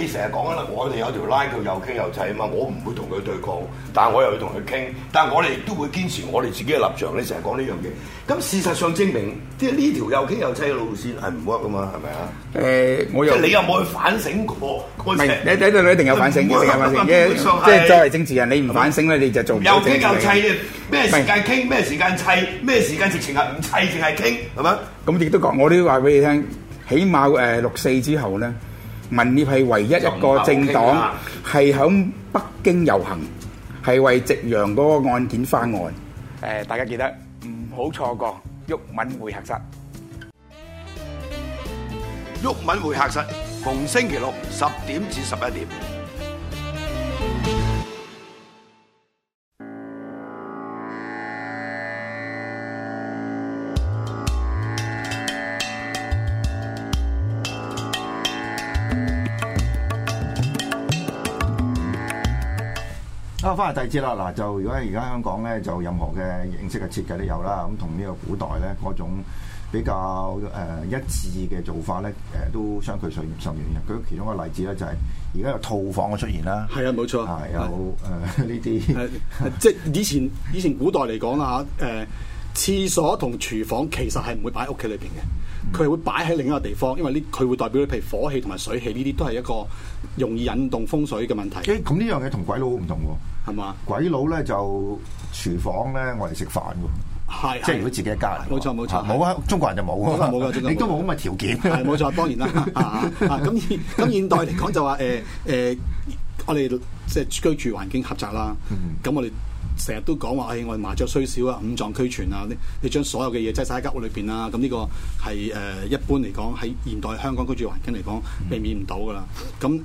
你成日講啦，我哋有條 line 叫又傾又砌啊嘛，我唔會同佢對抗，但係我又要同佢傾，但係我哋都會堅持我哋自己嘅立場。你成日講呢樣嘢，咁事實上證明，即係呢條又傾又砌嘅路線係唔 work 噶嘛？係咪啊？誒，我又你有冇去反省過？你睇到你一定有反省，一定有反省。即係作為政治人，你唔反省咧，你就做又傾又砌。咩時間傾？咩時間砌？咩時間直情係唔砌淨係傾係嘛？咁亦都講，我都話俾你聽，起碼誒六四之後咧。民協係唯一一個政黨係喺北京遊行，係為夕陽嗰個案件翻案。誒，大家記得唔好錯過毓民會客室。毓民會客室，逢星期六十點至十一點。交翻第二節啦，嗱就如果而家香港咧，就任何嘅形式嘅設計都有啦，咁同呢個古代咧嗰種比較誒、呃、一致嘅做法咧，誒、呃、都相距遙遙甚遠嘅。佢其中一個例子咧就係而家有套房嘅出現啦，係啊，冇錯，啊、有誒呢啲，即係以前以前古代嚟講啦嚇，誒、呃、廁所同廚房其實係唔會擺喺屋企裏邊嘅。佢會擺喺另一個地方，因為呢佢會代表，譬如火氣同埋水氣呢啲都係一個容易引動風水嘅問題。咁、欸、吧呢樣嘢同鬼佬好唔同喎，係嘛？鬼佬咧就廚房咧，我哋食飯喎，係吧，即係如果自己一家人，冇錯冇錯，冇啊！中國人就冇啊，冇㗎，中國 你都冇咁嘅條件，冇 錯，當然啦。咁咁 現代嚟講就話誒誒，我、呃、哋、呃呃、即係居住環境狹窄啦，咁、嗯、哼我哋。成日都講話，唉、哎，我哋麻雀雖小啊，五臟俱全啊！你你將所有嘅嘢擠晒喺間屋裏邊啊！咁呢個係誒、呃、一般嚟講，喺現代香港居住環境嚟講，避免唔到噶啦。咁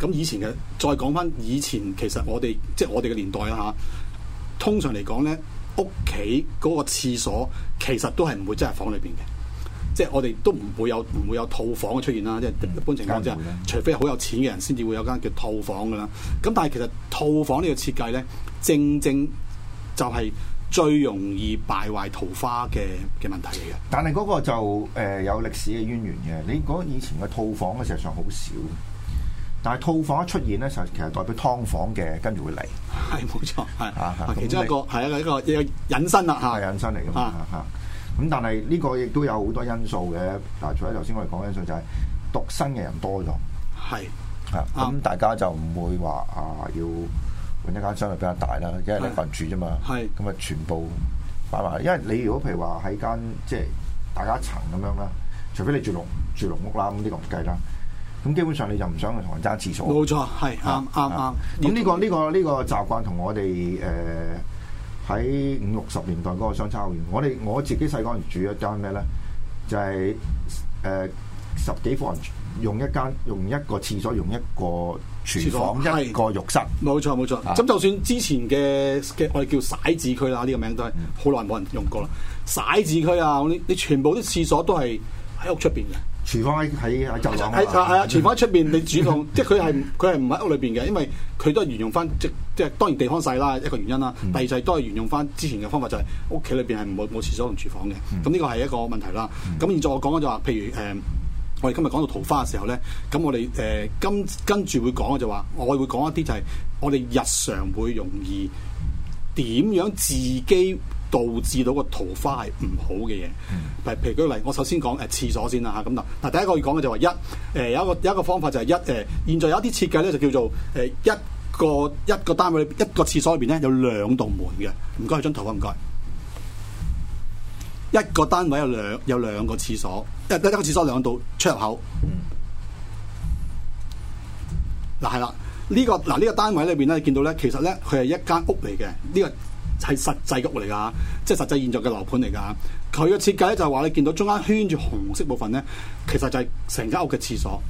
咁以前嘅，再講返以前，其實我哋即係我哋嘅年代啊。嚇。通常嚟講咧，屋企嗰個廁所其實都係唔會擠喺房裏邊嘅，即係我哋都唔會有唔、嗯、會有套房嘅出現啦。即係、嗯、一般情況之下，啊、除非係好有錢嘅人先至會有間叫套房噶啦。咁但係其實套房呢個設計咧，正正，正～就係最容易敗壞桃花嘅嘅問題嚟嘅。但係嗰個就誒有歷史嘅淵源嘅。你嗰個以前嘅套房嘅事實上好少，但係套房一出現咧，就其實代表劏房嘅跟住會嚟。係冇錯，係啊。其中一個係一個一個引申啦，係引申嚟嘅嘛嚇。咁但係呢個亦都有好多因素嘅。嗱，除咗頭先我哋講嘅因素，就係獨身嘅人多咗。係啊，咁大家就唔會話啊要。一間商就比較大啦，因為你瞓住啫嘛，咁啊全部擺埋，因為你如果譬如話喺間即係大家層咁樣啦，除非你住農住農屋啦，咁呢個就唔計啦。咁基本上你就唔想去同人爭廁所。冇錯，係啱啱啱。咁呢個呢、呢個呢、呢個習慣同我哋誒喺五六十年代嗰個相差好遠。我哋我自己細個時住一間咩咧？就係、係、誒、呃、十幾房，人用一間用一個廁所用一個。廚房一個浴室，冇錯冇錯。咁就算之前嘅嘅我哋叫曬子區啦，呢個名都係好耐冇人用過啦。曬子區啊，我你全部啲廁所都係喺屋出邊嘅，廚房喺喺喺走廊啊，廚房喺出邊你主動，即係佢係佢係唔喺屋裏邊嘅，因為佢都係沿用翻即即係當然地方細啦，一個原因啦。第二就係都係沿用翻之前嘅方法，就係屋企裏邊係冇冇廁所同廚房嘅。咁呢個係一個問題啦。咁現在我講就話，譬如誒。我哋今日講到桃花嘅時候咧，咁我哋誒、呃、跟跟住會講嘅就話，我會講一啲就係我哋日常會容易點樣自己導致到個桃花係唔好嘅嘢。譬如舉例如，我首先講誒、呃、廁所先啦嚇。咁、啊、嗱，嗱第一個要講嘅就話、是、一誒、呃、有一個有一個方法就係、是、一誒、呃，現在有一啲設計咧就叫做誒、呃、一個一個單位一個廁所裏邊咧有兩道門嘅。唔該，張桃花唔該。一個單位有兩有兩個廁所，一一間廁所兩度出入口。嗱係啦，呢、啊這個嗱呢、啊這個單位裏邊咧，見到咧，其實咧，佢係一間屋嚟嘅，呢、這個係實際屋嚟噶，即係實際現狀嘅樓盤嚟噶。佢嘅設計咧就係、是、話你見到中間圈住紅色部分咧，其實就係成間屋嘅廁所。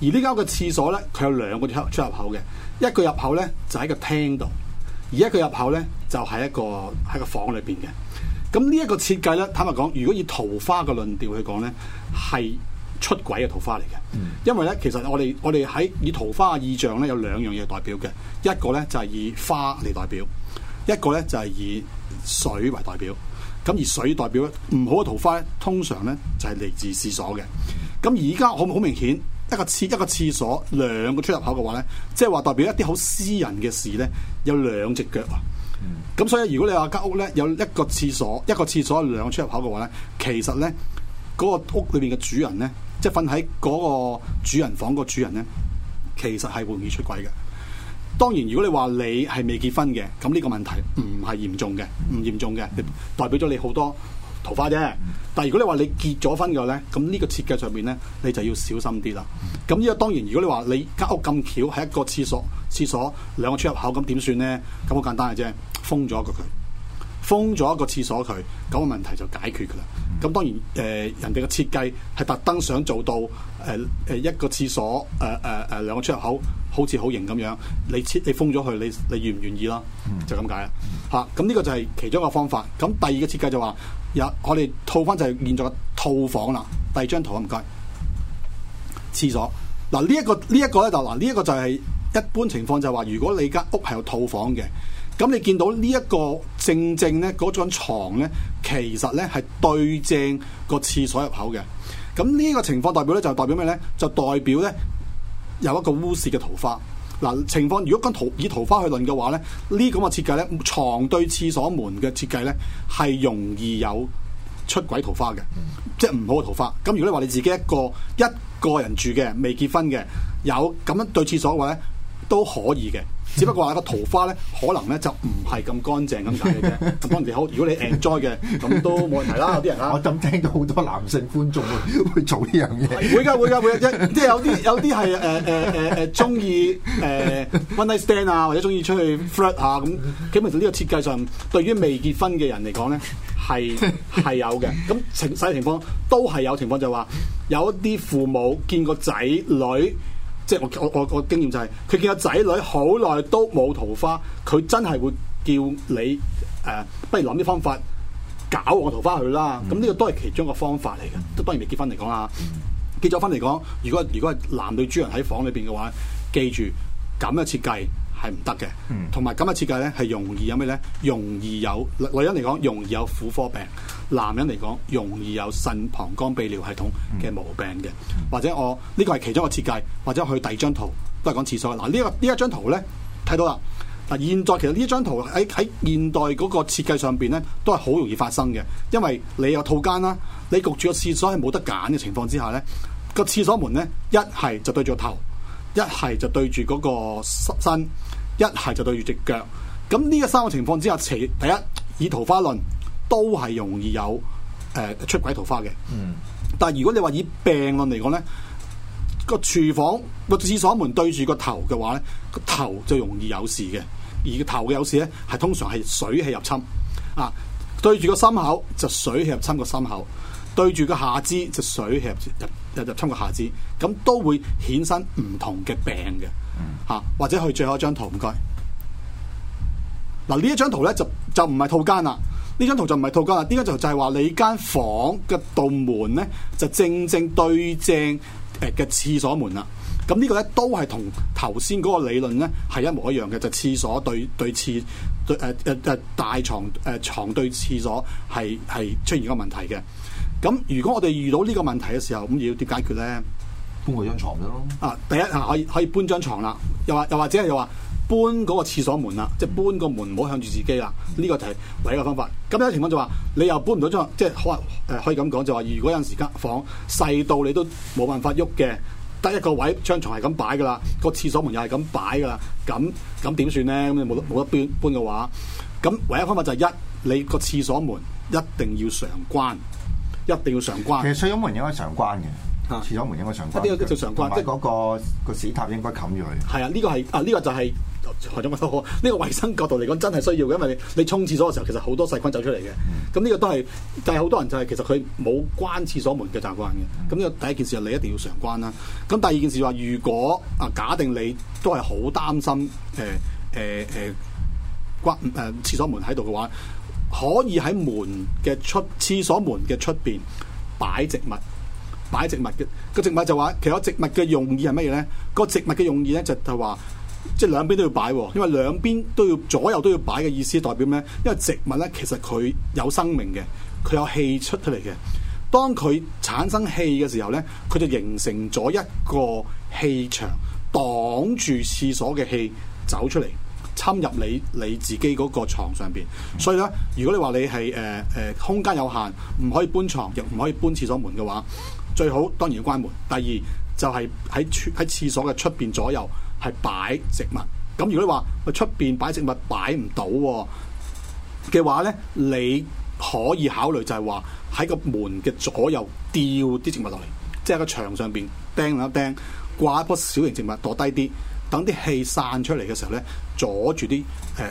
而呢間屋嘅廁所咧，佢有兩個出入口嘅，一個入口咧就喺、是、個廳度，而一個入口咧就喺、是、一個喺個房裏邊嘅。咁呢一個設計咧，坦白講，如果以桃花嘅論調去講咧，係出軌嘅桃花嚟嘅。因為咧，其實我哋我哋喺以桃花嘅意象咧，有兩樣嘢代表嘅。一個咧就係以花嚟代表，一個咧就係以水為代表。咁而水代表唔好嘅桃花咧，通常咧就係嚟自廁所嘅。咁而家好好明顯，一個廁一個廁所兩個出入口嘅話咧，即係話代表一啲好私人嘅事咧，有兩隻腳啊！咁所以，如果你話間屋咧有一個廁所，一個廁所兩個出入口嘅話咧，其實咧嗰個屋裏面嘅主人咧，即係瞓喺嗰個主人房個主人咧，其實係會容易出軌嘅。當然，如果你話你係未結婚嘅，咁呢個問題唔係嚴重嘅，唔嚴重嘅，代表咗你好多桃花啫。但係如果你話你結咗婚嘅話咧，咁呢個設計上面咧，你就要小心啲啦。咁呢個當然，如果你話你間屋咁巧係一個廁所，廁所兩個出入口，咁點算咧？咁好簡單嘅啫。封咗一個佢，封咗一個廁所佢，咁個問題就解決噶啦。咁當然，誒、呃、人哋嘅設計係特登想做到，誒、呃、誒、呃、一個廁所，誒誒誒兩個出入口，好似好型咁樣。你設你封咗佢，你你願唔願意啦？就咁解啦。吓、嗯，咁呢、啊、個就係其中一個方法。咁第二個設計就話，有我哋套翻就係現在嘅套房啦。第二張圖啊唔該，廁所嗱呢一個呢一、這個咧就嗱呢一個就係、是這個、一般情況就係話，如果你間屋係有套房嘅。咁你見到呢一個正正咧，嗰張牀咧，其實咧係對正個廁所入口嘅。咁呢一個情況代表咧就代表咩咧？就代表咧有一個污泄嘅桃花。嗱，情況如果講桃以桃花去論嘅話咧，呢咁嘅設計咧，床對廁所門嘅設計咧，係容易有出軌桃花嘅，即係唔好嘅桃花。咁如果你話你自己一個一個人住嘅，未結婚嘅，有咁樣對廁所嘅話咧，都可以嘅。只不過話個桃花咧，可能咧就唔係咁乾淨咁解嘅。咁當然好，如果你 enjoy 嘅，咁都冇問題啦。有啲人啦，我咁聽到好多男性觀眾會，會做呢樣嘢，會㗎會㗎會一即係有啲有啲係誒誒誒誒中意誒 one night stand 啊，或者中意出去 flirt 啊咁。咁其實呢個設計上，對於未結婚嘅人嚟講咧，係係有嘅。咁詳細情況都係有情況，情況就話有一啲父母見個仔女。即係我我我個經驗就係，是，佢見個仔女好耐都冇桃花，佢真係會叫你誒、呃，不如諗啲方法搞我桃花佢啦。咁呢個都係其中一個方法嚟嘅。都當然未結婚嚟講啦，結咗婚嚟講，如果如果係男女主人喺房裏邊嘅話，記住咁嘅設計。係唔得嘅，同埋咁嘅設計咧，係容易有咩咧？容易有女人嚟講，容易有婦科病；男人嚟講，容易有腎膀胱泌尿系統嘅毛病嘅。或者我呢、這個係其中一個設計，或者去第二張圖都係講廁所嗱。這個、呢個呢一張圖咧，睇到啦。嗱，現在其實呢張圖喺喺現代嗰個設計上邊咧，都係好容易發生嘅，因為你有套間啦，你焗住個廁所係冇得揀嘅情況之下咧，個廁所門咧一係就對住頭，一係就對住嗰個身。一係就對住隻腳，咁呢個三個情況之下，其第一以桃花論都係容易有誒、呃、出軌桃花嘅。嗯。但係如果你話以病論嚟講咧，那個廚房、那個廁、那個、廁所門對住個頭嘅話咧，那個頭就容易有事嘅。而個頭嘅有事咧，係通常係水氣入侵啊。對住個心口就水氣入侵個心口，對住個下肢就水氣入入入入侵個下肢。咁都會衍生唔同嘅病嘅嚇，或者去最後一張圖。唔該嗱，呢一張圖咧就就唔係套間啦。呢張圖就唔係套間啦。點解就就係話你間房嘅道門咧，就正正對正誒嘅、呃、廁所門啦。咁呢個咧都係同頭先嗰個理論咧係一模一樣嘅，就廁所對對廁對誒誒誒大床誒牀、呃、對廁所係係出現個問題嘅。咁如果我哋遇到呢個問題嘅時候，咁要點解決咧？搬嗰張床啫咯。啊，第一啊，可以可以搬張床啦。又話又或者又話搬嗰個廁所門啦，即、就、係、是、搬個門唔好向住自己啦。呢、這個就係唯一嘅方法。咁有情況就話、是、你又搬唔到張，即係可誒可以咁講、就是，就話如果有陣時間房細到你都冇辦法喐嘅，得一個位，張床係咁擺噶啦，個廁所門又係咁擺噶啦，咁咁點算咧？咁你冇冇得搬搬嘅話，咁唯一方法就係、是、一你個廁所門一定要常關，一定要常關。其實廁所門應該常關嘅。廁所門應該常關，呢個叫做常關，即係嗰個個屎塔應該冚住佢。係啊，呢、這個係啊，呢、這個就係何總嘅呢個衞生角度嚟講，真係需要嘅，因為你,你沖廁所嘅時候，其實好多細菌走出嚟嘅。咁呢、嗯、個都係，但係好多人就係、是、其實佢冇關廁所門嘅習慣嘅。咁呢、嗯、個第一件事，你一定要常關啦。咁第二件事話，如果啊假定你都係好擔心誒誒誒關誒、呃、廁所門喺度嘅話，可以喺門嘅出廁所門嘅出邊擺植物。擺植物嘅個植物就話，其實植物嘅用意係乜嘢呢？個植物嘅用意呢，就係話，即係兩邊都要擺喎，因為兩邊都要左右都要擺嘅意思，代表咩？因為植物呢，其實佢有生命嘅，佢有氣出出嚟嘅。當佢產生氣嘅時候呢，佢就形成咗一個氣場，擋住廁所嘅氣走出嚟，侵入你你自己嗰個床上邊。所以呢，如果你話你係誒誒空間有限，唔可以搬床，亦唔可以搬廁所門嘅話，最好當然要關門。第二就係喺廁喺廁所嘅出邊左右係擺植物。咁如果你話喺出邊擺植物擺唔到嘅話咧，你可以考慮就係話喺個門嘅左右吊啲植物落嚟，即係喺個牆上邊釘一釘，掛一樖小型植物墮低啲，等啲氣散出嚟嘅時候咧，阻住啲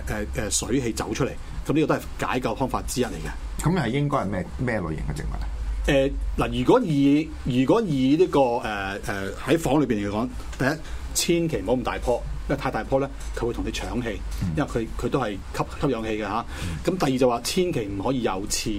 誒誒誒水氣走出嚟。咁呢個都係解救方法之一嚟嘅。咁係應該係咩咩類型嘅植物啊？誒嗱、呃，如果以如果以呢、這個誒誒喺房裏邊嚟講，第一千祈唔好咁大波。因為太大棵咧，佢會同你搶氣，因為佢佢都係吸吸氧氣嘅吓。咁、啊、第二就話、是，千祈唔可以有刺，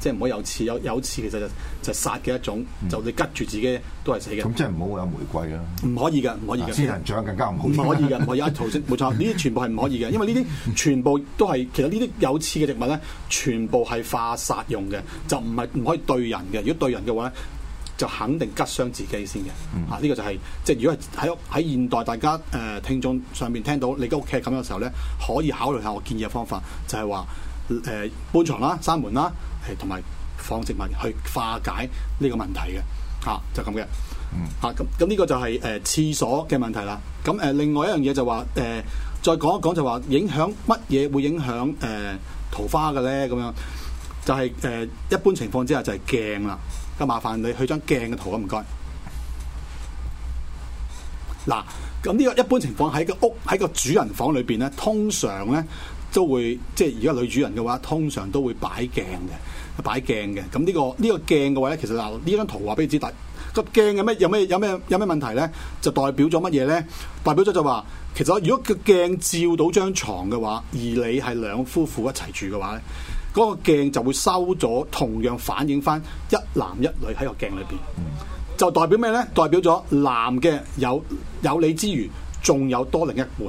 即係唔可以有刺。有有刺其實就就殺嘅一種，嗯、就你拮住自己都係死嘅。咁即係唔好有玫瑰啦、啊。唔可以噶，唔可以嘅。仙、啊、人掌更加唔好。唔可以嘅，唔可以。一圖先，冇錯，呢啲全部係唔可以嘅，因為呢啲全部都係，其實呢啲有刺嘅植物咧，全部係化煞用嘅，就唔係唔可以對人嘅。如果對人嘅話。就肯定吉傷自己先嘅，嗯、啊呢、這個就係、是、即係如果喺喺現代大家誒、呃、聽眾上面聽到你家屋企係咁嘅時候咧，可以考慮下我建議嘅方法，就係話誒搬床啦、閂門啦，誒同埋放植物去化解呢個問題嘅，啊就咁、是、嘅，嗯、啊咁咁呢個就係、是、誒、呃、廁所嘅問題啦。咁、啊、誒另外一樣嘢就話誒、呃、再講一講就話影響乜嘢會影響誒、呃、桃花嘅咧？咁樣。就係、是、誒、呃、一般情況之下就係鏡啦，咁麻煩你去張鏡嘅圖啊，唔該。嗱，咁呢個一般情況喺個屋喺個主人房裏邊咧，通常咧都會即係如果女主人嘅話，通常都會擺鏡嘅，擺鏡嘅。咁呢、這個呢、這個鏡嘅話咧，其實嗱呢張圖話俾你知，但個鏡有咩有咩有咩有咩問題咧，就代表咗乜嘢咧？代表咗就話，其實如果個鏡照到張床嘅話，而你係兩夫婦一齊住嘅話咧。嗰個鏡就會收咗，同樣反映翻一男一女喺個鏡裏邊，就代表咩呢？代表咗男嘅有有你之餘，仲有多另一半；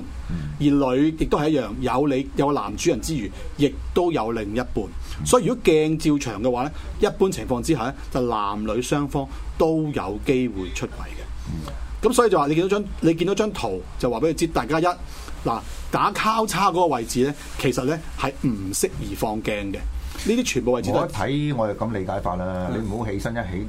而女亦都係一樣，有你有男主人之餘，亦都有另一半。所以如果鏡照長嘅話呢，一般情況之下呢，就男女雙方都有機會出位嘅。咁所以就話你見到張你見到張圖，就話俾佢知，大家一嗱。打交叉嗰個位置咧，其實咧係唔適宜放鏡嘅。呢啲全部位置都睇，我就咁理解法啦。嗯、你唔好起身一起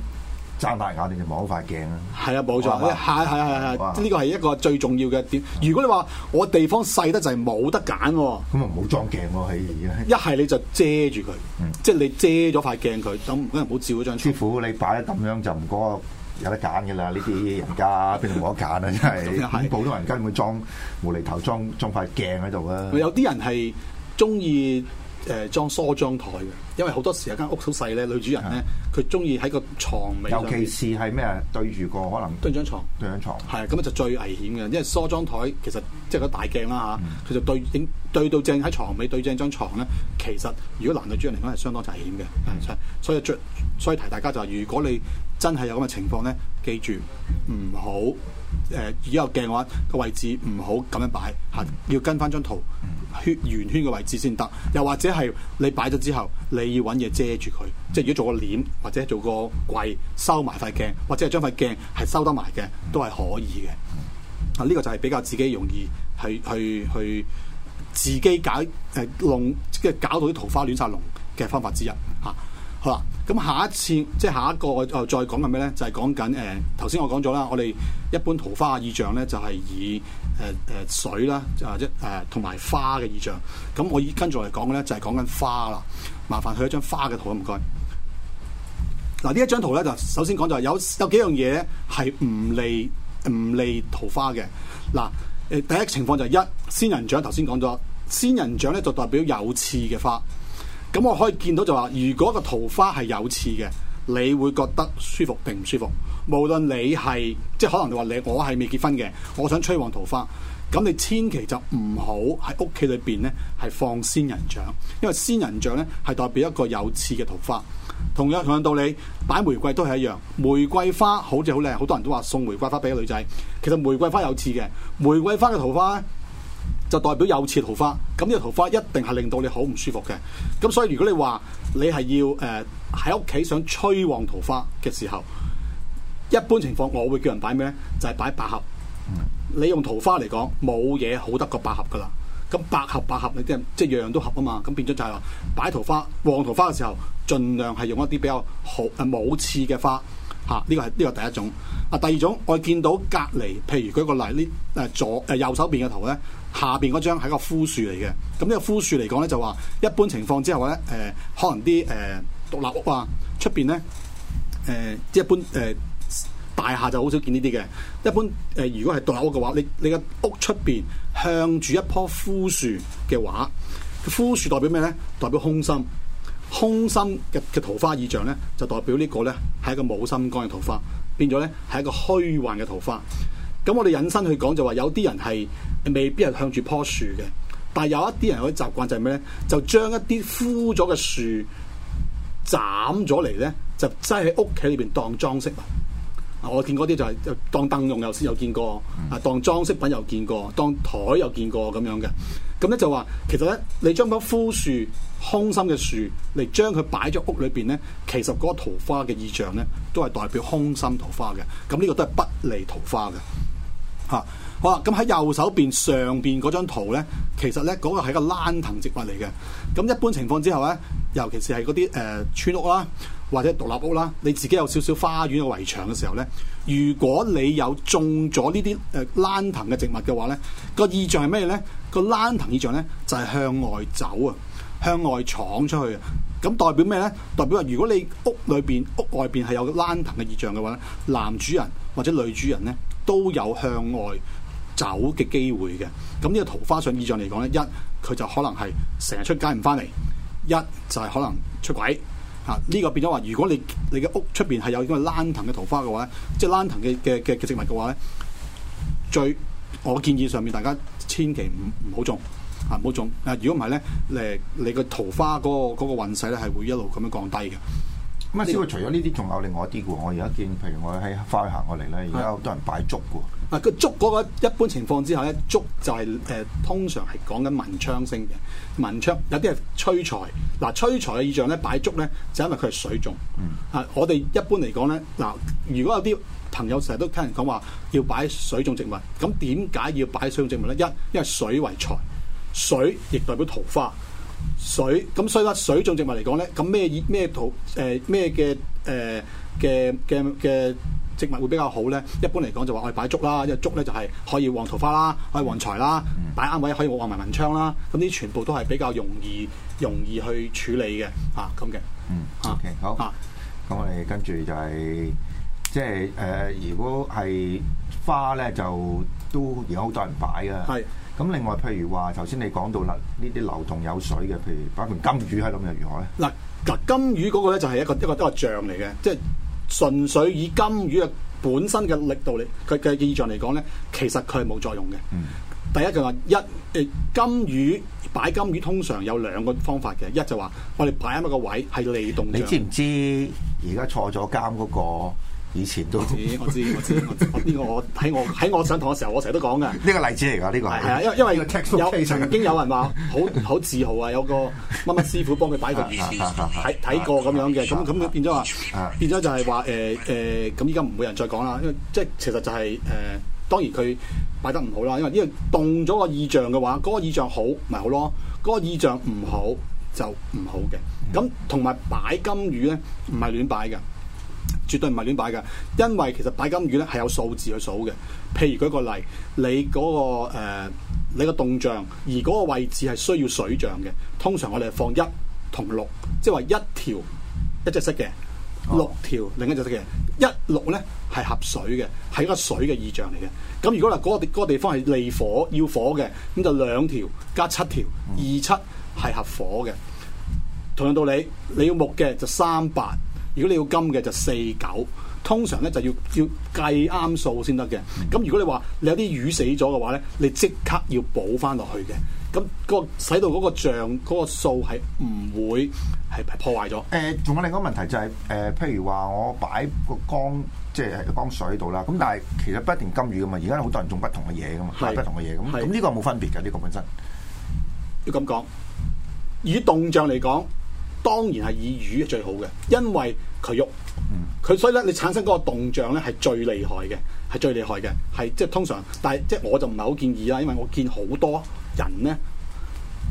睜大眼，你就望好塊鏡啦。係啊，冇錯，係係係係，呢個係一個最重要嘅點。嗯、如果你話我地方細得、啊嗯、就係冇得揀喎，咁啊唔好裝鏡喎，係而一係你就遮住佢，嗯、即係你遮咗塊鏡佢，咁梗係唔好照嗰張。師傅，你擺得咁樣就唔該。有得揀嘅啦，呢啲人家邊度冇得揀啊！真係啲 普通人家點會裝無厘頭，裝裝塊鏡喺度啊！有啲人係中意。誒、呃、裝梳妝台嘅，因為好多時有間屋好細咧，女主人咧佢中意喺個床尾，尤其是係咩對住個可能對張床。對張床係咁就最危險嘅。因為梳妝台其實即係個大鏡啦、啊、嚇，佢、嗯、就對影對到正喺床尾對正張床咧，其實如果男女主人嚟講係相當危險嘅、嗯。所以所以提大家就係、是、如果你真係有咁嘅情況咧，記住唔好。呃、如果有鏡嘅話，個位置唔好咁樣擺嚇、啊，要跟翻張圖圈圓圈嘅位置先得。又或者係你擺咗之後，你要揾嘢遮住佢。即係如果做個簾或者做個櫃收埋塊鏡，或者係將塊鏡係收得埋嘅，都係可以嘅。啊、呢、這個就係比較自己容易係去去，去自己搞誒弄嘅搞到啲桃花亂晒龍嘅方法之一嚇。啊好啦，咁、嗯、下一次即係下一個我、呃、再講緊咩咧？就係講緊誒，頭、呃、先我講咗啦，我哋一般桃花嘅意象咧就係以誒誒、呃、水啦，即係誒同埋花嘅意象。咁、嗯、我依跟住嚟講嘅咧就係講緊花啦。麻煩佢一張花嘅圖，唔該。嗱、呃、呢一張圖咧就首先講就係有有幾樣嘢係唔利唔利桃花嘅。嗱、呃、誒、呃，第一情況就係一仙人掌，頭先講咗，仙人掌咧就代表有刺嘅花。咁我可以見到就話，如果個桃花係有刺嘅，你會覺得舒服定唔舒服？無論你係即係可能你話你我係未結婚嘅，我想催旺桃花，咁你千祈就唔好喺屋企裏邊呢係放仙人掌，因為仙人掌呢係代表一個有刺嘅桃花。同樣同樣道理，擺玫瑰都係一樣，玫瑰花好似好靚，好多人都話送玫瑰花俾個女仔，其實玫瑰花有刺嘅，玫瑰花嘅桃花呢，就代表有刺桃花，咁呢個桃花一定係令到你好唔舒服嘅。咁所以如果你話你係要誒喺屋企想催旺桃花嘅時候，一般情況我會叫人擺咩咧？就係、是、擺百合。你用桃花嚟講，冇嘢好得過百合噶啦。咁百合，百合你啲即係樣樣都合啊嘛。咁變咗就係話擺桃花旺桃花嘅時候，儘量係用一啲比較好誒冇、呃、刺嘅花。嚇，呢、啊，這個係呢、這個第一種。啊，第二種我見到隔籬，譬如舉個例呢誒、呃、左誒右手邊嘅圖咧，下邊嗰張係個枯樹嚟嘅。咁、嗯、呢、這個枯樹嚟講咧，就話一般情況之下咧，誒、呃、可能啲誒獨立屋啊，出邊咧誒即係一般誒大廈就好少見呢啲嘅。一般誒、呃、如果係獨立屋嘅話，你你嘅屋出邊向住一棵枯樹嘅話，枯樹代表咩咧？代表空心。空心嘅嘅桃花意象咧，就代表呢個咧係一個冇心肝嘅桃花，變咗咧係一個虛幻嘅桃花。咁我哋引申去講就話，有啲人係未必係向住棵樹嘅，但係有一啲人嘅習慣就係咩咧？就將一啲枯咗嘅樹斬咗嚟咧，就擠喺屋企裏邊當裝飾品。我見嗰啲就係當燈用又見，有見過，啊，當裝飾品又見過，當台又見過，咁樣嘅。咁咧就話，其實咧你將嗰樖枯樹空心嘅樹嚟，將佢擺咗屋裏邊咧，其實嗰個桃花嘅意象咧，都係代表空心桃花嘅。咁呢個都係不利桃花嘅。吓、啊，好啦，咁喺右手邊上邊嗰張圖咧，其實咧嗰、那個係一個蘭藤植物嚟嘅。咁一般情況之下咧，尤其是係嗰啲誒村屋啦，或者獨立屋啦，你自己有少少花園嘅圍牆嘅時候咧。如果你有種咗呢啲誒藤嘅植物嘅話呢，呢個意象係咩呢？個蘭藤意象呢，就係向外走啊，向外闖出去啊。咁代表咩呢？代表話如果你屋裏邊、屋外邊係有蘭藤嘅意象嘅話呢，男主人或者女主人呢都有向外走嘅機會嘅。咁呢個桃花上意象嚟講呢，一佢就可能係成日出街唔翻嚟，一就係、是、可能出軌。啊！呢個變咗話，如果你你嘅屋出邊係有啲嘅蘭藤嘅桃花嘅話咧，即係蘭藤嘅嘅嘅植物嘅話咧，最我建議上面大家千祈唔唔好種，啊唔好種。啊，如果唔係咧，誒、啊、你嘅桃花嗰個嗰個運勢咧係會一路咁樣降低嘅。咁啊傅，之外、這個、除咗呢啲仲有另外一啲嘅喎，我而家見譬如我喺花園行過嚟咧，而家好多人擺竹嘅喎。嗱，個竹嗰個一般情況之下咧，竹就係、是、誒、呃、通常係講緊文昌星嘅，文昌有啲係催財，嗱催財嘅意象咧擺竹咧就因為佢係水種，嗯、啊我哋一般嚟講咧，嗱如果有啲朋友成日都聽人講話要擺水種植物，咁點解要擺水種植物咧？一，因為水為財，水亦代表桃花，水咁所以話水種植物嚟講咧，咁咩意咩桃誒咩嘅誒嘅嘅嘅。植物會比較好咧，一般嚟講就話我哋擺竹啦，因為竹咧就係可以旺桃花啦，可以旺財啦，嗯、擺啱位可以我旺埋文昌啦，咁呢啲全部都係比較容易容易去處理嘅，啊咁嘅。嗯。OK 好。啊，咁我哋跟住就係即係誒，如果係花咧就都而家好多人擺啊。係是。咁另外譬如話頭先你講到啦，呢啲流動有水嘅，譬如包括金魚喺度又如何咧？嗱嗱、嗯、金魚嗰個咧就係一個一個都係象嚟嘅，即係。純粹以金魚嘅本身嘅力度嚟佢嘅意象嚟講咧，其實佢係冇作用嘅。嗯、第一就話一誒金魚，擺金魚通常有兩個方法嘅，一就話我哋擺喺一個位係利動。你知唔知而家坐咗監嗰、嗰個？以前都我知，我知我知我知呢 個我喺我喺我上堂嘅時候，我成日都講嘅呢個例子嚟㗎，呢個係係係，因為因為 有曾經有，有人話好好自豪啊，有個乜乜師傅幫佢擺個意象睇睇過咁樣嘅，咁咁 變咗話變咗就係話誒誒，咁依家唔會人再講啦，因為即係其實就係、是、誒、呃，當然佢擺得唔好啦，因為呢個動咗個意象嘅話，嗰、那個意象好咪好咯，嗰、那個意象唔好就唔好嘅，咁同埋擺金魚咧唔係亂擺㗎。嗯嗯絕對唔係亂擺嘅，因為其實擺金魚咧係有數字去數嘅。譬如舉個例，你嗰、嗰個誒、呃，你個動象，而嗰個位置係需要水象嘅。通常我哋係放 6, 一同、啊、六，即係話一條一隻色嘅，六條另一隻色嘅，一六咧係合水嘅，係一個水嘅意象嚟嘅。咁如果嗱嗰個地個地方係利火要火嘅，咁就兩條加七條，嗯、二七係合火嘅。同樣道理，你要木嘅就三八。如果你要金嘅就四九，通常咧就要要計啱數先得嘅。咁、嗯、如果你話你有啲魚死咗嘅話咧，你即刻要補翻落去嘅。咁、嗰個使到嗰個象嗰、嗰個數係唔會係破壞咗。誒、呃，仲有另一個問題就係、是、誒、呃，譬如話我擺個缸，即係缸水度啦。咁但係其實不一定金魚噶嘛，而家好多人種不同嘅嘢噶嘛，擺是不同嘅嘢咁。咁呢的個冇分別㗎，呢、這個本身要咁講，以動象嚟講。當然係以魚最好嘅，因為佢喐，佢所以咧你產生嗰個動象咧係最厲害嘅，係最厲害嘅，係即係通常，但係即係我就唔係好建議啦，因為我見好多人咧，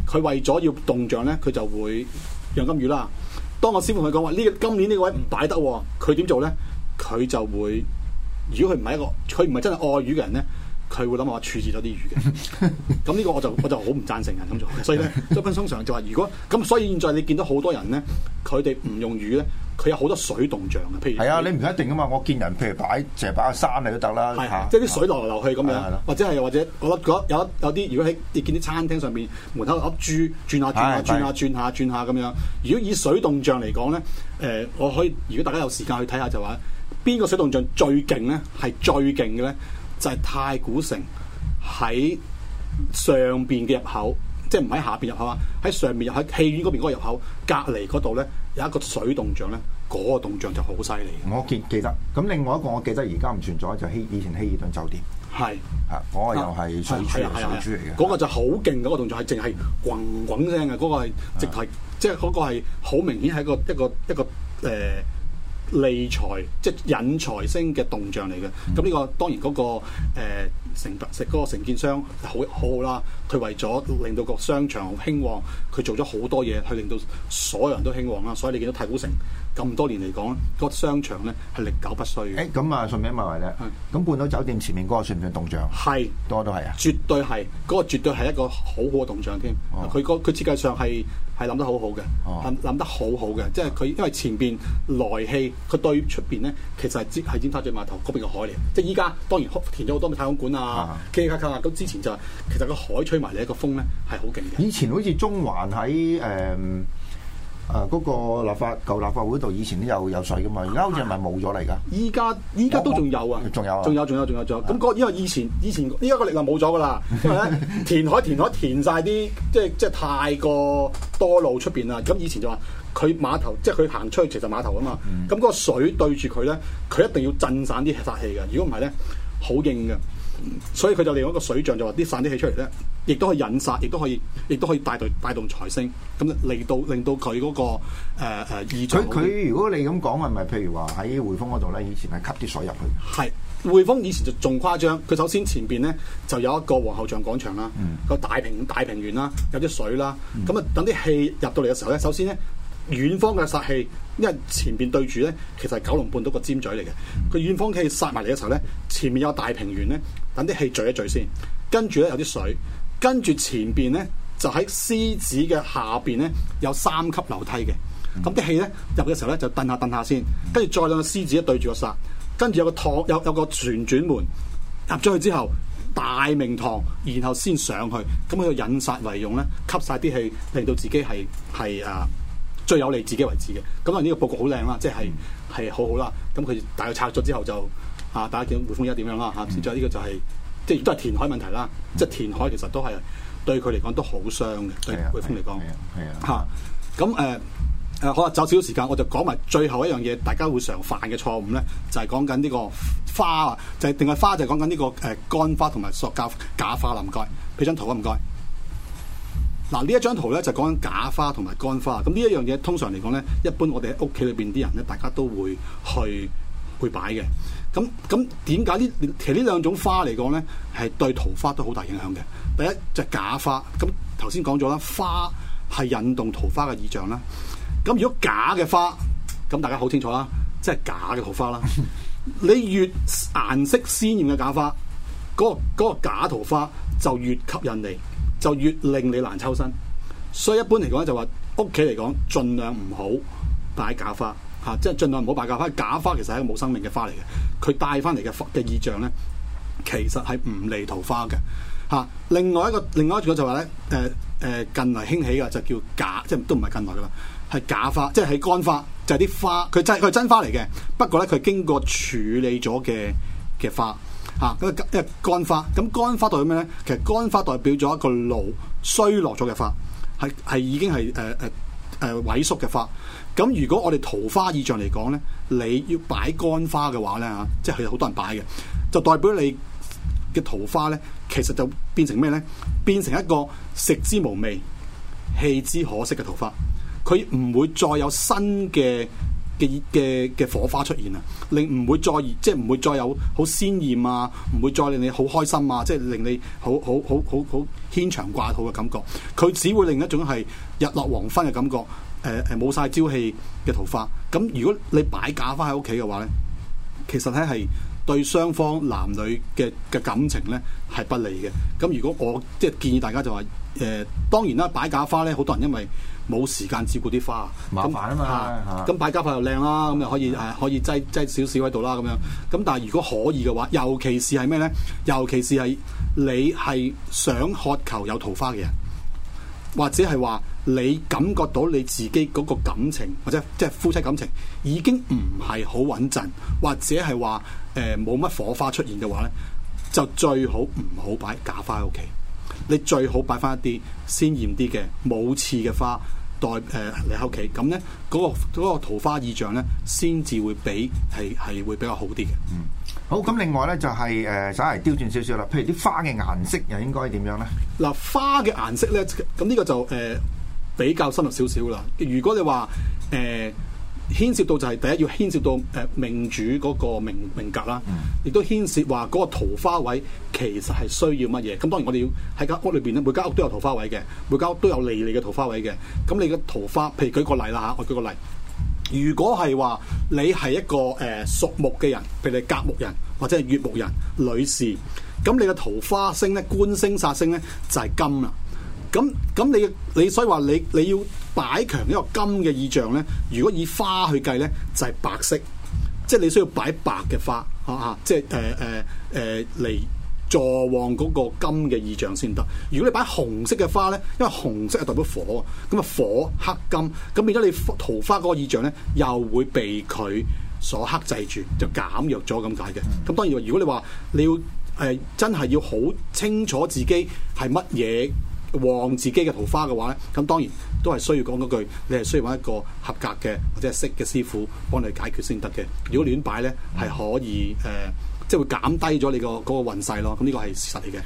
佢為咗要動象咧，佢就會養金魚啦。當我師父同佢講話呢個今年呢個位唔擺得，佢點做咧？佢就會如果佢唔係一個佢唔係真係愛魚嘅人咧。佢會諗話處置咗啲魚嘅，咁呢個我就我就好唔贊成啊咁做，所以咧一般通常就話如果咁，所以現在你見到好多人咧，佢哋唔用魚咧，佢有好多水動像嘅，譬如係啊，如你唔一定噶嘛，我見人譬如擺成日擺個山嚟都得啦，係即係啲水流流，流去咁樣，啊，或者係或者我覺得有有啲如果喺你見啲餐廳上面，門口有粒珠轉下轉下轉、啊、下轉、啊、下轉對下咁樣，如果以水動像嚟講咧，誒、呃，我可以如果大家有時間去睇下就話邊個水動像最勁咧，係最勁嘅咧。 就係太古城喺上邊嘅入口，即係唔喺下邊入口啊！喺上邊又喺戲院嗰邊個入口隔離嗰度咧，有一個水動像咧，嗰個動象就好犀利。我記記得咁，另外一個我記得而家唔存在就希以前希爾頓酒店係啊，嗰個又係水珠水珠嚟嘅。嗰個就好勁，嗰個動象係淨係滾滾聲嘅，嗰個係直係即係嗰個係好明顯係一個一個一個誒。利財即引財星嘅動向嚟嘅，咁呢、嗯這個當然嗰、那個誒、呃、成石嗰、那個承建商好好，好好好啦，佢為咗令到個商場興旺，佢做咗好多嘢去令到所有人都興旺啦，所以你見到太古城。咁多年嚟講咧，個商場咧係歷久不衰嘅。誒咁啊，順便問埋咧，咁半島酒店前面嗰個算唔算動像？係，多都係啊，絕對係，嗰個絕對係一個好好嘅動像添。佢個佢設計上係係諗得好好嘅，諗得好好嘅，即係佢因為前邊來氣，佢對出邊咧其實係接係接翻住尖沙咀碼頭嗰邊嘅海嚟。即係依家當然填咗好多嘅太空館啊、機器客啊。咁之前就其實個海吹埋嚟一個風咧係好勁嘅。以前好似中環喺誒。誒嗰、啊那個立法舊立法會度，以前都有有水噶嘛，而家好似係咪冇咗嚟噶？依家依家都仲有啊，仲有啊，仲有仲、啊、有仲有仲有。咁嗰、嗯、因為以前以前依家個力量冇咗噶啦， 因為咧填海，海填海填晒啲，即係即係太過多路出邊啦。咁以前就話佢碼頭，即係佢行出去其實碼頭啊嘛。咁嗰、嗯、個水對住佢咧，佢一定要震散啲煞氣嘅。如果唔係咧，好勁嘅。所以佢就利用一個水象，就話啲散啲氣出嚟啫。亦都可以引煞，亦都可以，亦都可以帶動帶動財星咁嚟到令到佢嗰、那個誒誒、呃、異象。佢佢如果你咁講，係咪譬如話喺匯豐嗰度咧？以前係吸啲水入去。係匯豐以前就仲誇張。佢首先前邊咧就有一個皇后像廣場啦，嗯、個大平大平原啦，有啲水啦。咁啊、嗯，等啲氣入到嚟嘅時候咧，首先咧遠方嘅煞氣，因為前邊對住咧，其實係九龍半島個尖嘴嚟嘅。佢遠方嘅氣殺埋嚟嘅時候咧，前面有大平原咧，等啲氣聚一聚先，跟住咧有啲水。跟住前邊咧，就喺獅子嘅下邊咧，有三級樓梯嘅。咁啲氣咧入嘅時候咧，就蹬下蹬下先。跟住再兩個獅子一對住個煞，跟住有個托，有有個旋轉門入咗去之後，大明堂，然後先上去。咁佢就引煞為用咧，吸晒啲氣，令到自己係係啊最有利自己為止嘅。咁啊，呢個佈局好靚啦，即係係好好啦。咁佢大約拆咗之後就啊，大家見回風一點樣啦嚇。再、這、呢個就係即係亦都係填海問題啦。即係填海，其實都係對佢嚟講都好傷嘅。的對匯豐嚟講，係啊，嚇咁誒誒，好啦，就少少時間，我就講埋最後一樣嘢，大家會常犯嘅錯誤咧，就係、是、講緊呢個花啊，就係定係花就係講緊、這、呢個誒、呃、乾花同埋塑膠假花啦。唔該，俾張圖啊，唔該。嗱，呢一張圖咧就是、講緊假花同埋乾花。咁呢一樣嘢通常嚟講咧，一般我哋喺屋企裏邊啲人咧，大家都會去會擺嘅。咁咁點解呢？其實呢兩種花嚟講呢，係對桃花都好大影響嘅。第一就係假花，咁頭先講咗啦，花係引動桃花嘅意象啦。咁如果假嘅花，咁大家好清楚啦，即係假嘅桃花啦。你越顏色鮮豔嘅假花，嗰個嗰個假桃花就越吸引你，就越令你難抽身。所以一般嚟講就話屋企嚟講，盡量唔好擺假花。嚇，即係盡量唔好擺假花，假花其實係一個冇生命嘅花嚟嘅，佢帶翻嚟嘅花嘅意象咧，其實係唔離桃花嘅。嚇、啊，另外一個另外一個就話咧，誒、呃、誒、呃、近來興起嘅就叫假，即係都唔係近來噶啦，係假花，即係係乾花，就係、是、啲花，佢真佢係真花嚟嘅，不過咧佢係經過處理咗嘅嘅花嚇，因、啊、為乾，乾花，咁乾花代表咩咧？其實乾花代表咗一個老衰落咗嘅花，係係已經係誒誒誒萎縮嘅花。咁如果我哋桃花意象嚟講呢，你要擺乾花嘅話呢，嚇，即係佢好多人擺嘅，就代表你嘅桃花呢，其實就變成咩呢？變成一個食之無味、棄之可惜嘅桃花。佢唔會再有新嘅嘅嘅嘅火花出現啊！令唔會再即係唔會再有好鮮豔啊，唔會再令你好開心啊，即係令你好好好好好好牽腸掛肚嘅感覺。佢只會另一種係日落黃昏嘅感覺。誒誒冇晒朝氣嘅桃花，咁如果你擺假花喺屋企嘅話咧，其實咧係對雙方男女嘅嘅感情咧係不利嘅。咁如果我即係建議大家就話誒、呃，當然啦，擺假花咧，好多人因為冇時間照顧啲花，麻煩啊嘛，咁吧擺假花又靚啦，咁又可以誒、啊、可以擠擠少少喺度啦咁樣。咁但係如果可以嘅話，尤其是係咩咧？尤其是係你係想渴求有桃花嘅人，或者係話。你感覺到你自己嗰個感情或者即係夫妻感情已經唔係好穩陣，或者係話誒冇乜火花出現嘅話咧，就最好唔好擺假花喺屋企。你最好擺翻一啲鮮豔啲嘅冇刺嘅花，代誒你喺屋企咁咧，嗰、呃嗰個嗰個桃花意象咧，先至會比係係會比較好啲嘅。嗯，好咁，另外咧就係、是、誒，稍微刁轉少少啦。譬如啲花嘅顏色又應該點樣咧？嗱、呃，花嘅顏色咧，咁呢個就誒。呃比較深入少少啦。如果你話誒、呃、牽涉到就係、是、第一要牽涉到誒命、呃、主嗰個命命格啦，亦都牽涉話嗰個桃花位其實係需要乜嘢。咁當然我哋要喺間屋裏邊咧，每間屋都有桃花位嘅，每間屋都有利利嘅桃花位嘅。咁你嘅桃花，譬如舉個例啦吓，我舉個例，如果係話你係一個誒、呃、屬木嘅人，譬如你甲木人或者係乙木人女士，咁你嘅桃花星咧、官星煞星咧就係、是、金啦。咁咁你你所以話你你要擺強呢個金嘅意象咧，如果以花去計咧，就係、是、白色，即係你需要擺白嘅花啊！即係誒誒誒嚟助旺嗰個金嘅意象先得。如果你擺紅色嘅花咧，因為紅色係代表火啊，咁啊火克金，咁變咗你桃花嗰個意象咧，又會被佢所克制住，就減弱咗咁解嘅。咁當然，如果你話你要誒、呃、真係要好清楚自己係乜嘢，旺自己嘅桃花嘅話咧，咁當然都係需要講嗰句，你係需要揾一個合格嘅或者係識嘅師傅幫你解決先得嘅。如果亂擺咧，係可以誒、呃，即係會減低咗你個嗰、那個運勢咯。咁呢個係事實嚟嘅，啊就是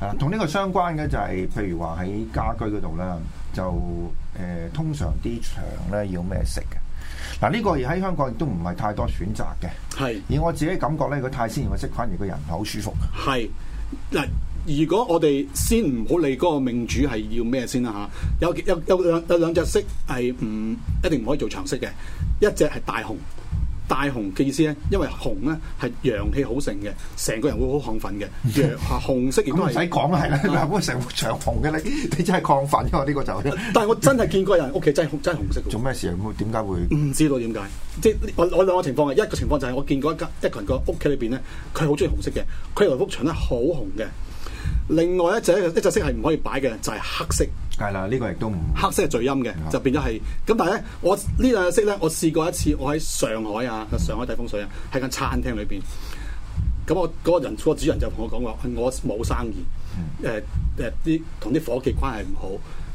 呃。啊，同、這、呢個相關嘅就係譬如話喺家居嗰度啦，就誒通常啲牆咧要咩色嘅？嗱呢個而喺香港亦都唔係太多選擇嘅。係是。而我自己感覺咧，佢太鮮豔嘅色反而個人唔係好舒服。係嗱。啊如果我哋先唔好理嗰個命主係要咩先啦嚇、啊，有有有兩有兩隻色係唔一定唔可以做長色嘅，一隻係大紅大紅嘅意思咧，因為紅咧係陽氣好盛嘅，成個人會好亢奮嘅。紅色亦都唔使講啦，係啦、嗯，咁成幅牆紅嘅你你真係亢奮嘅。呢個就但係我真係見過有人屋企真係真係紅色做咩事啊？點解會唔知道點解？即係我我兩個情況啊，一個情況就係我見過一間一個人個屋企裏邊咧，佢好中意紅色嘅，佢以為屋牆咧好紅嘅。另外一隻一隻色係唔可以擺嘅就係、是、黑色，係啦，呢個亦都唔黑色係聚陰嘅， 就變咗係。咁但係咧，我兩呢兩隻色咧，我試過一次，我喺上海啊，上海睇風水啊，喺間餐廳裏邊，咁我嗰個人、嗰個主人就同我講話，我冇生意，誒誒啲同啲伙計關係唔好。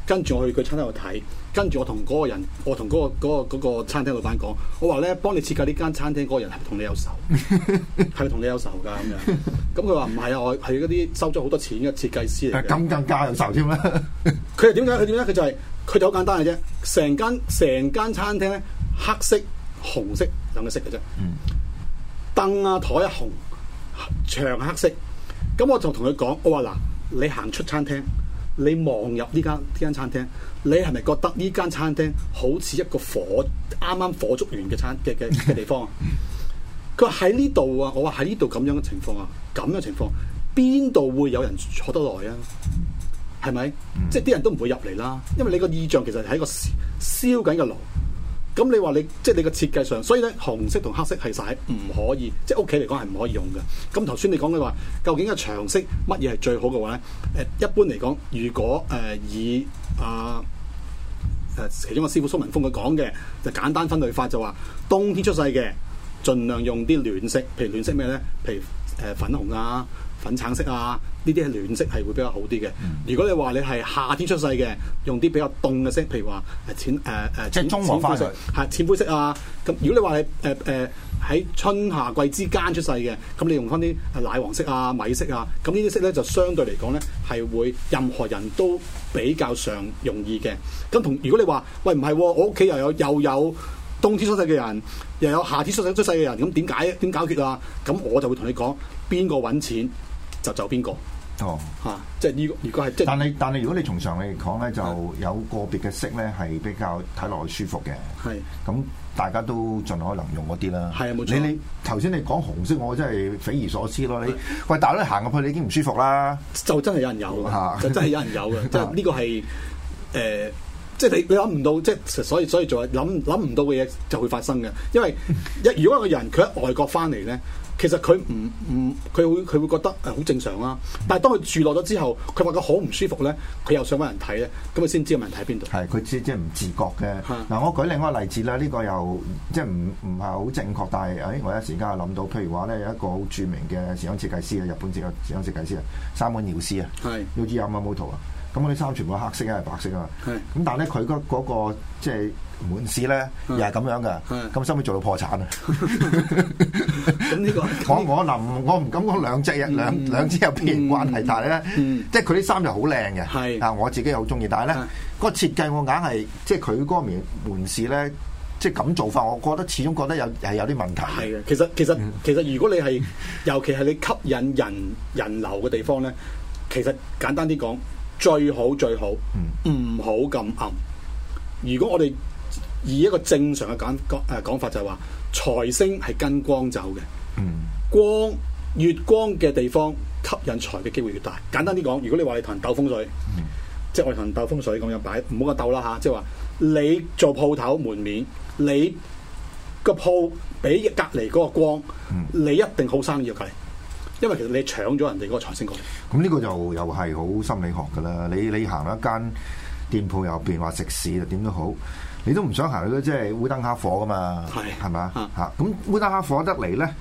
跟住我去佢餐廳度睇，跟住我同嗰個人，我同嗰、嗰個嗰、嗰個嗰個、餐廳老闆講，我話咧幫你設計呢間餐廳，嗰個人係同你有仇，係同 你有仇噶咁樣。咁佢話唔係啊，我係嗰啲收咗好多錢嘅設計師嚟嘅。咁更加有仇添咩？佢又點解？佢點解？佢就係、係、佢就好簡單嘅啫。成間成間餐廳咧，黑色、紅色兩種色嘅啫。嗯。燈啊台啊紅，牆黑色。咁我就同佢講，我話嗱，你行出餐廳。你望入呢間呢間餐廳，你係咪覺得呢間餐廳好似一個火啱啱火燭完嘅餐嘅嘅嘅地方啊？佢話喺呢度啊，我話喺呢度咁樣嘅情況啊，咁嘅情況邊度會有人坐得耐啊？係咪？嗯、即係啲人都唔會入嚟啦，因為你個意象其實係一個燒緊嘅爐。咁你話你即係你個設計上，所以咧紅色同黑色其實係唔可以，mm. 即係屋企嚟講係唔可以用嘅。咁頭先你講嘅話，究竟嘅長色乜嘢係最好嘅話咧？誒，一般嚟講，如果誒、呃、以啊誒、呃、其中個師傅蘇文峰佢講嘅，就簡單分類法就話，冬天出世嘅。盡量用啲暖色，譬如暖色咩咧？譬如誒粉紅啊、粉橙色啊，呢啲係暖色係會比較好啲嘅。嗯、如果你話你係夏天出世嘅，用啲比較凍嘅色，譬如話誒淺誒誒、呃、淺淺灰色，係淺灰色啊。咁如果你話你誒誒喺春夏季之間出世嘅，咁你用翻啲誒奶黃色啊、米色啊，咁呢啲色咧就相對嚟講咧係會任何人都比較上容易嘅。咁同如果你話喂唔係、哦，我屋企又有又有。又有又有又有冬天出世嘅人又有夏天出世出世嘅人，咁點解點解,解決啊？咁我就會同你講，邊個揾錢就就邊個。哦，嚇，即係呢個如果係。但係是是但係，如果你從常理嚟講咧，就有個別嘅色咧係比較睇落去舒服嘅。係。咁大家都盡可能用嗰啲啦。係啊，冇錯。你你頭先你講紅色，我真係匪夷所思咯！是 你喂，大佬你行入去，你已經唔舒服啦。就真係有人有。嚇！ 就真係有人有嘅，即係呢個係誒。即係你你諗唔到，即係所以所以做嘢諗諗唔到嘅嘢就會發生嘅。因為一如果一個人佢喺外國翻嚟咧，其實佢唔唔佢會佢會覺得誒好正常啦、啊。但係當佢住落咗之後，佢話佢好唔舒服咧，佢又想搵人睇咧，咁佢先知有問題喺邊度？係佢先即係唔自覺嘅。嗱的、啊，我舉另一個例子啦。呢、這個又即係唔唔係好正確，但係誒、哎，我一時間諗到，譬如話咧有一個好著名嘅時裝設計師啊，日本時裝時裝設計師啊，山本耀司啊，係的 u z 冇圖啊？咁嗰啲衫全部黑色，啊，係白色啊。咁但係咧，佢嗰個即係門市咧，又係咁樣嘅。咁收尾做到破產啊！咁呢個我我諗，我唔敢講兩隻有兩兩隻有必然關係，但係咧，即係佢啲衫又好靚嘅。啊，我自己又好中意，但係咧，個設計我硬係即係佢嗰個門市咧，即係咁做法，我覺得始終覺得有係有啲問題。係其實其實其實，如果你係尤其係你吸引人人流嘅地方咧，其實簡單啲講。最好最好，唔好咁暗。如果我哋以一個正常嘅講講誒講法，就係話財星係跟光走嘅。嗯、光越光嘅地方，吸引財嘅機會越大。簡單啲講，如果你話你同人鬥風水，嗯、即係我同人鬥風水咁樣擺，唔好咁鬥啦吓。即係話你做鋪頭門面，你個鋪畀隔籬嗰個光，嗯、你一定好生意嘅。因為其實你搶咗人哋嗰個財星過嚟、嗯，咁、這、呢個就又係好心理學噶啦。你你行一間店鋪入便話食肆，啊，點都好，你都唔想行去都即係烏燈黑火噶嘛，係咪？嘛嚇？咁烏燈黑火得嚟咧。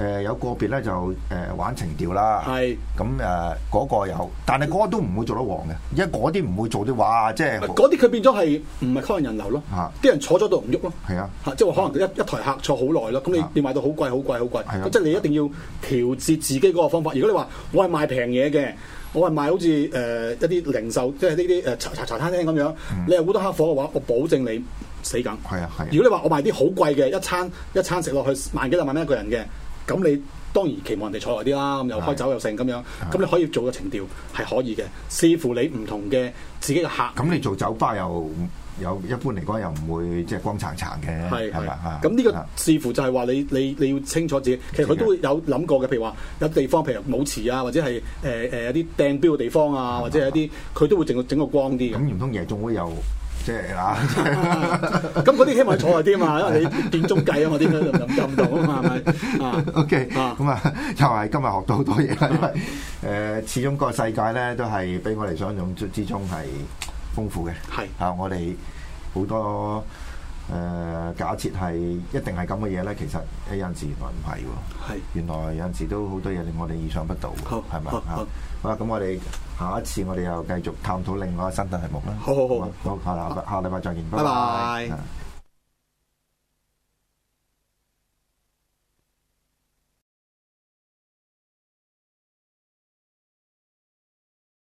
誒、呃、有個別咧就誒、呃、玩情調啦，係咁誒嗰個有，但係嗰個都唔會做得旺嘅，因為嗰啲唔會做啲哇，即係嗰啲佢變咗係唔係吸引人流咯，嚇、啊，啲人坐咗都唔喐咯，係啊嚇，即係話可能一、啊、一台客坐好耐咯，咁你要賣到好貴好貴好貴，貴，咁、啊啊、即係你一定要調節自己嗰個方法。如果你話我係賣平嘢嘅，我係賣好似誒、呃、一啲零售，即係呢啲誒茶茶餐廳咁樣，嗯、你係烏燈黑火嘅話，我保證你死梗係啊。啊啊如果你話我賣啲好貴嘅一餐一餐食落去萬幾兩萬蚊一個人嘅。咁你當然期望人哋彩來啲啦，咁又開酒又盛咁樣，咁的你可以做個情調係可以嘅。視乎你唔同嘅自己嘅客。咁你做酒吧又有一般嚟講又唔會即係光燦燦嘅係啦，咁呢個視乎就係話你你你要清楚自己，其實佢都會有諗過嘅。譬如話有地方，譬如舞池啊，或者係誒誒有啲掟標嘅地方啊，的或者係一啲佢的都會整個整個光啲咁。唔通夜總會有。即係啊，咁嗰啲希望坐埋啲嘛，因為你點中計啊嘛，啲人就諗唔到啊嘛，係咪？OK，咁啊，又係今日學到好多嘢，因為誒，始終個世界咧都係比我哋想象之中係豐富嘅。係啊，我哋好多誒假設係一定係咁嘅嘢咧，其實有陣時原來唔係喎。原來有陣時都好多嘢令我哋意想不到，係咪好啊，咁我哋。下一次我哋又繼續探討另外一個新嘅題目啦好。好，好，好，好好好好，下禮下禮拜再見。拜拜。拜拜。